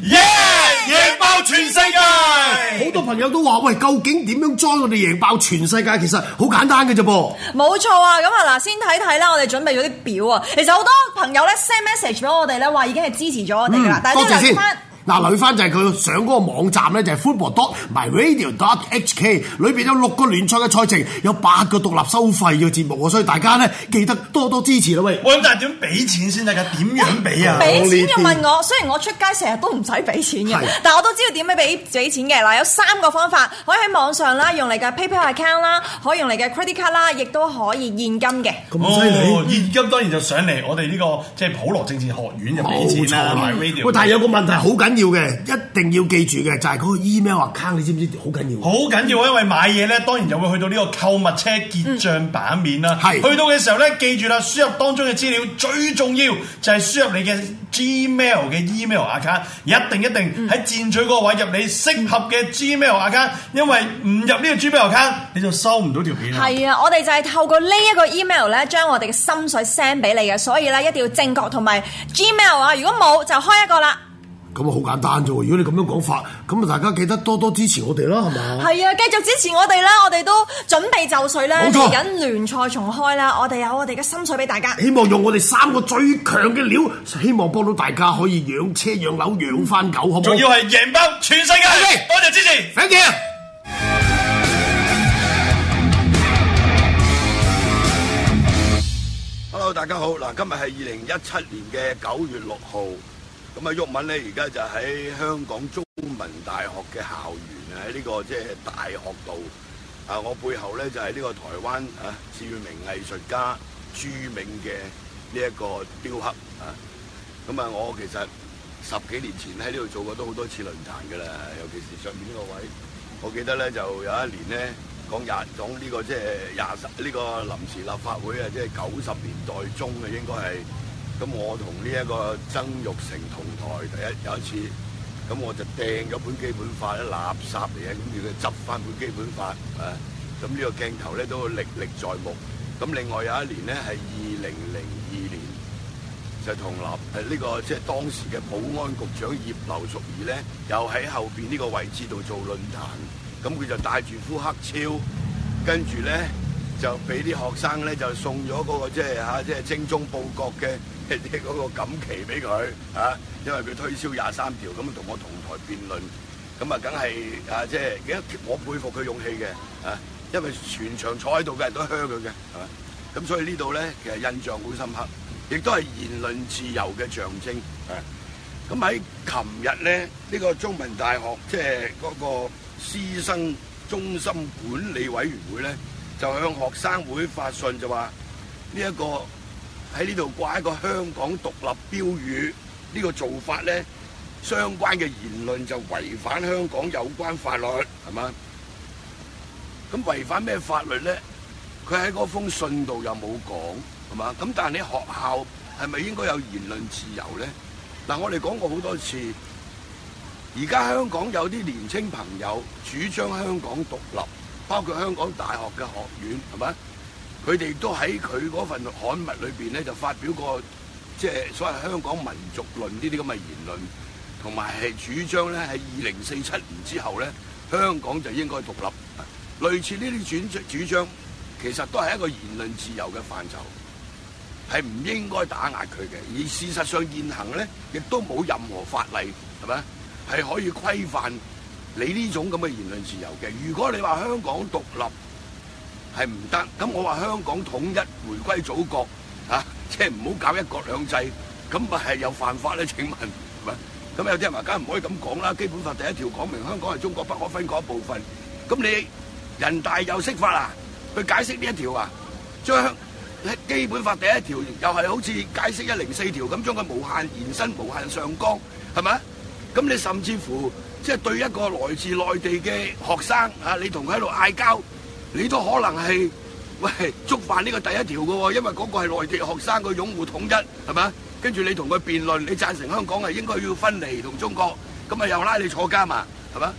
耶！贏 Yeah, Yeah, 爆全世界！好 多朋友都話喂，究竟點樣裝我哋贏爆全世界？其實好簡單嘅啫噃。冇錯啊，咁啊嗱，先睇睇啦，我哋準備咗啲表啊。其實好多朋友咧 send message 俾我哋咧，話已經係支持咗我哋噶啦。多謝、嗯、先。但女翻就係、是、佢上嗰個網站咧，就係、是、football.myradio.hk 裏邊有六個聯賽嘅賽程，有八個獨立收費嘅節目，所以大家咧，記得多多支持啦喂！我諗大家點俾錢先得噶，點喂樣俾啊？俾錢就你問我，雖然我出街成日都唔使俾錢嘅，的但係我都知道點樣俾俾錢嘅。嗱，有三個方法，可以喺網上啦，用你嘅 PayPal account 啦，可以用你嘅 credit card 啦，亦都可以現金嘅。咁犀利喎，現金當然就上嚟我哋呢個即係普羅政治學院就俾錢啦，myradio。喂錯，嗯、但係有個問題好緊。要嘅，一定要記住嘅就係、是、嗰個 email account，你知唔知好緊要？好緊要，因為買嘢咧，當然就會去到呢個購物車結帳版面啦。係、嗯、去到嘅時候咧，記住啦，輸入當中嘅資料最重要就係輸入你嘅 Gmail 嘅 email account，一定一定喺箭嘴嗰位入你適合嘅 Gmail account，因為唔入呢個 Gmail account 你就收唔到條片。係啊，我哋就係透過呢一個 email 咧，將我哋嘅心水 send 俾你嘅，所以咧一定要正確同埋 Gmail 啊！如果冇就開一個啦。咁啊，好簡單啫！如果你咁樣講法，咁啊，大家記得多多支持我哋啦，係嘛？係啊，繼續支持我哋啦！我哋都準備就緒啦，冇錯，嚟緊聯賽重開啦，我哋有我哋嘅心水俾大家。希望用我哋三個最強嘅料，希望幫到大家可以養車、養樓、養翻狗，好唔好？仲要係贏爆全世界！多謝支持，thank you。Hello，大家好，嗱，今日係二零一七年嘅九月六號。咁啊，毓民咧，而家就喺香港中文大學嘅校園啊，喺呢個即係大學度啊，我背後咧就係呢個台灣啊著名藝術家朱銘嘅呢一個雕刻啊。咁啊，我其實十幾年前喺呢度做過都好多次論壇㗎啦，尤其是上面呢個位，我記得咧就有一年咧講廿總呢講 20, 講個即係廿十呢個臨時立法會啊，即係九十年代中嘅應該係。咁我同呢一個曾玉成同台，第一有一次，咁我就掟咗本基本法啲垃圾嘢，咁佢執翻本基本法，啊，咁呢個鏡頭咧都歷歷在目。咁另外有一年咧，係二零零二年，就同林誒呢個即係當時嘅保安局長葉劉淑儀咧，又喺後邊呢個位置度做論壇，咁佢就帶住呼黑超，跟住咧就俾啲學生咧就送咗嗰個即係嚇即係精忠報國嘅。啲嗰 個錦旗俾佢嚇，因為佢推銷廿三條咁，同我同台辯論，咁啊，梗係啊，即係我佩服佢勇氣嘅嚇、啊，因為全場坐喺度嘅人都噓佢嘅，係嘛，咁所以呢度咧，其實印象好深刻，亦都係言論自由嘅象徵。咁喺琴日咧，呢、呢個中文大學即係嗰個師生中心管理委員會咧，就向學生會發信就話呢一個。喺呢度掛一個香港獨立標語，呢個做法咧，相關嘅言論就違反香港有關法律，係嘛？咁違反咩法律咧？佢喺嗰封信度又冇講，係嘛？咁但係你學校係咪應該有言論自由咧？嗱，我哋講過好多次，而家香港有啲年青朋友主張香港獨立，包括香港大學嘅學院，係嘛？佢哋都喺佢嗰份刊物裏邊咧，就發表過即係、就是、所謂香港民族論呢啲咁嘅言論同埋係主張咧，喺二零四七年之後咧，香港就應該獨立。類似呢啲轉主張其實都係一個言論自由嘅範疇，係唔應該打壓佢嘅。而事實上現行咧，亦都冇任何法例係咪？係可以規範你呢種咁嘅言論自由嘅。如果你話香港獨立，係唔得，咁我話香港統一回歸祖國，吓，即係唔好搞一國兩制，咁咪係有犯法咧？請問，咁有啲人話梗係唔可以咁講啦。基本法第一條講明香港係中國不可分割一部分，咁你人大又釋法啊？去解釋呢一條啊，將基本法第一條又係好似解釋一零四條咁，將佢無限延伸、無限上綱，係咪啊？咁你甚至乎即係對一個來自內地嘅學生啊，你同佢喺度嗌交。你都可能係喂觸犯呢個第一條嘅喎，因為嗰個係內地學生嘅擁護統一，係咪？跟住你同佢辯論，你贊成香港係應該要分離同中國，咁啊又拉你坐監嘛，係咪？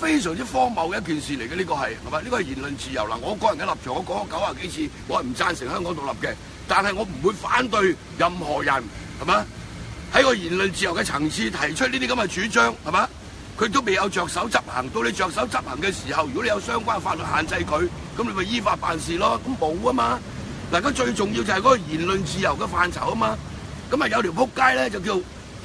非常之荒謬嘅一件事嚟嘅，呢個係，係咪？呢個係言論自由嗱，我個人嘅立場我講咗九十幾次，我係唔贊成香港獨立嘅，但係我唔會反對任何人，係咪？喺個言論自由嘅層次提出呢啲咁嘅主張，係咪？佢都未有着手執行，到你着手執行嘅時候，如果你有相關法律限制佢，咁你咪依法辦事咯。咁冇啊嘛，嗱，咁最重要就係嗰個言論自由嘅範疇啊嘛。咁啊有條撲街咧就叫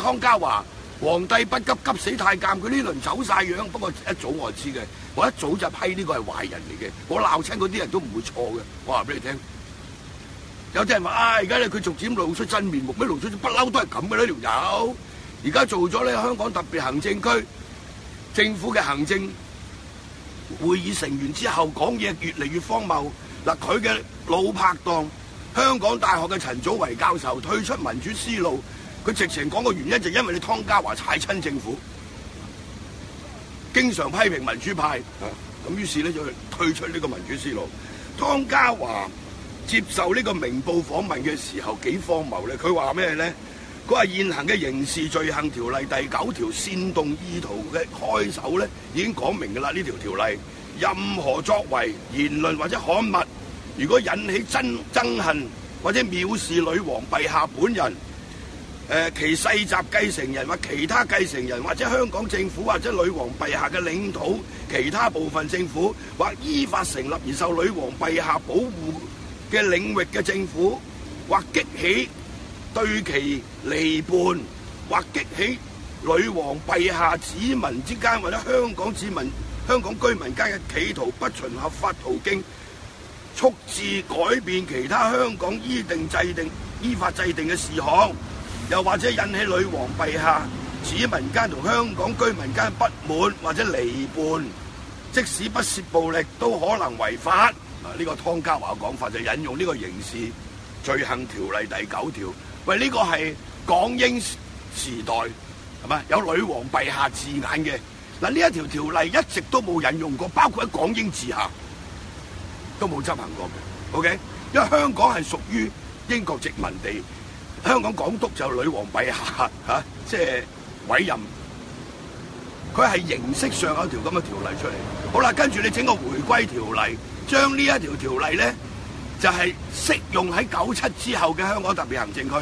湯家驊，皇帝不急急死太監，佢呢輪走曬樣，不過一早我知嘅，我一早就批呢個係壞人嚟嘅，我鬧親嗰啲人都唔會錯嘅，我話俾你聽。有啲人話啊，而家咧佢逐漸露出真面目，咩露出？不嬲都係咁嘅呢條友，而家做咗咧香港特別行政區。政府嘅行政會議成員之後講嘢越嚟越荒謬。嗱，佢嘅老拍檔香港大學嘅陳祖為教授退出民主思路，佢直情講個原因就因為你湯家驊踩親政府，經常批評民主派，咁於是咧就退出呢個民主思路。湯家驊接受呢個明報訪問嘅時候幾荒謬咧？佢話咩咧？佢話現行嘅刑事罪行條例第九條煽動意圖嘅開首咧已經講明㗎啦，呢條條例任何作為言論或者刊物，如果引起憎憎恨或者藐視女王陛下本人，誒其世襲繼承人或其他繼承人，或者香港政府或者女王陛下嘅領土，其他部分政府或依法成立而受女王陛下保護嘅領域嘅政府，或激起，對其離叛或激起女王陛下子民之間或者香港子民、香港居民間嘅企圖不循合法途徑，促致改變其他香港依定制定、依法制定嘅事項，又或者引起女王陛下子民間同香港居民間嘅不滿或者離叛，即使不涉暴力都可能違法。啊，呢個湯家驊嘅講法就引用呢個刑事罪行條例第九條。喂，呢個係港英時代係嘛？有女王陛下字眼嘅，嗱，呢一條條例一直都冇引用過，包括喺港英治下都冇執行過嘅。OK，因為香港係屬於英國殖民地，香港港督就女王陛下嚇，即係委任，佢係形式上有條咁嘅條例出嚟。好啦，跟住你整個回歸條例，將呢一條條例咧。就係適用喺九七之後嘅香港特別行政區，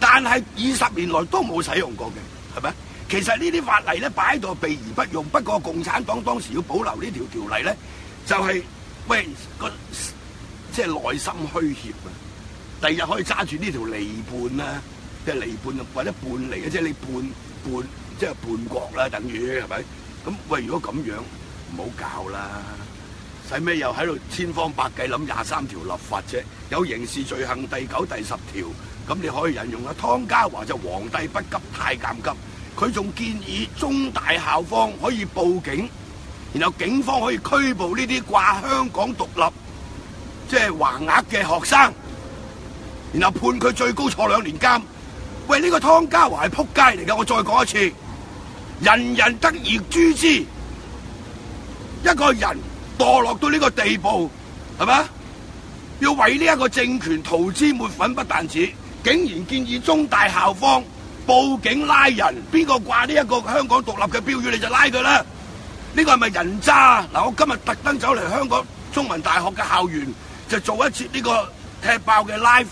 但係二十年內都冇使用過嘅，係咪？其實呢啲法例咧擺在避而不用。不過共產黨當時要保留呢條條例咧，就係喂個即係內心虛怯啊！第二日可以揸住呢條離叛啦，即係離叛或者叛離嘅，即係你叛叛即係叛國啦，等於係咪？咁喂，如果咁樣唔好搞啦。使咩又喺度千方百計諗廿三條立法啫？有刑事罪行第九、第十條，咁你可以引用啦。湯家驊就皇帝不急太監急，佢仲建議中大校方可以報警，然後警方可以拘捕呢啲掛香港獨立即係橫額嘅學生，然後判佢最高坐兩年監。喂，呢個湯家驊係撲街嚟㗎！我再講一次，人人得而誅之，一個人。墮落到呢個地步，係咪？要為呢一個政權塗脂抹粉，不但止，竟然建議中大校方報警拉人，邊個掛呢一個香港獨立嘅標語你就拉佢啦？呢個係咪人渣嗱？我今日特登走嚟香港中文大學嘅校園就做一次呢個踢爆嘅 live，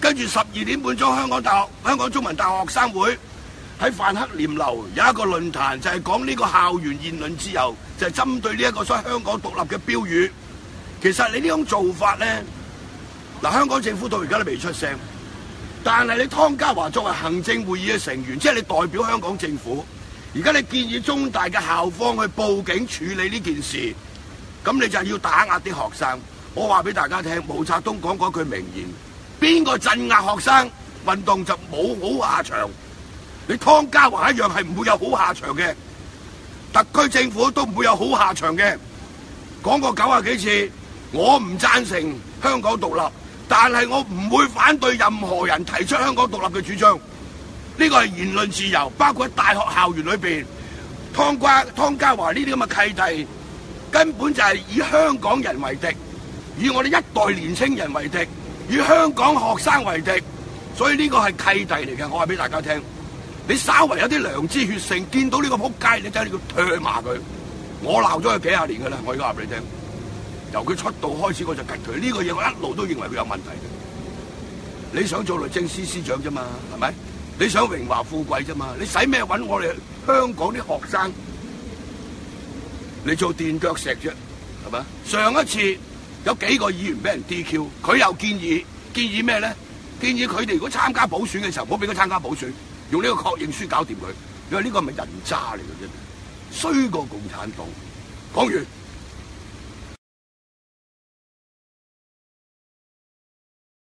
跟住十二點半鐘，香港大學香港中文大學生會。喺范克廉樓有一個論壇，就係、是、講呢個校園言論自由，就係、是、針對呢一個所謂香港獨立嘅標語。其實你呢種做法咧，嗱，香港政府到而家都未出聲，但係你湯家驊作為行政會議嘅成員，即係你代表香港政府，而家你建議中大嘅校方去報警處理呢件事，咁你就係要打壓啲學生。我話俾大家聽，毛澤東講過一句名言：邊個鎮壓學生運動就冇好下場。你湯家驊一樣係唔會有好下場嘅，特區政府都唔會有好下場嘅。講過九十幾次，我唔贊成香港獨立，但係我唔會反對任何人提出香港獨立嘅主張。呢個係言論自由，包括喺大學校園裏邊，湯家湯家驊呢啲咁嘅契弟，根本就係以香港人為敵，以我哋一代年青人為敵，以香港學生為敵。所以呢個係契弟嚟嘅，我話俾大家聽。你稍為有啲良知血性，見到呢個仆街，你走去佢踢麻佢。我鬧咗佢幾十年噶啦，我而家話俾你聽。由佢出道開始，我就及佢呢個嘢，我一路都認為佢有問題嘅。你想做律政司司長啫嘛？係咪？你想榮華富貴啫嘛？你使咩揾我哋香港啲學生你做墊腳石啫？係咪？上一次有幾個議員俾人 DQ，佢又建議建議咩咧？建議佢哋如果參加補選嘅時候，唔好俾佢參加補選。用呢個確認書搞掂佢，你話呢個係咪人渣嚟嘅啫？衰過共產黨。講完。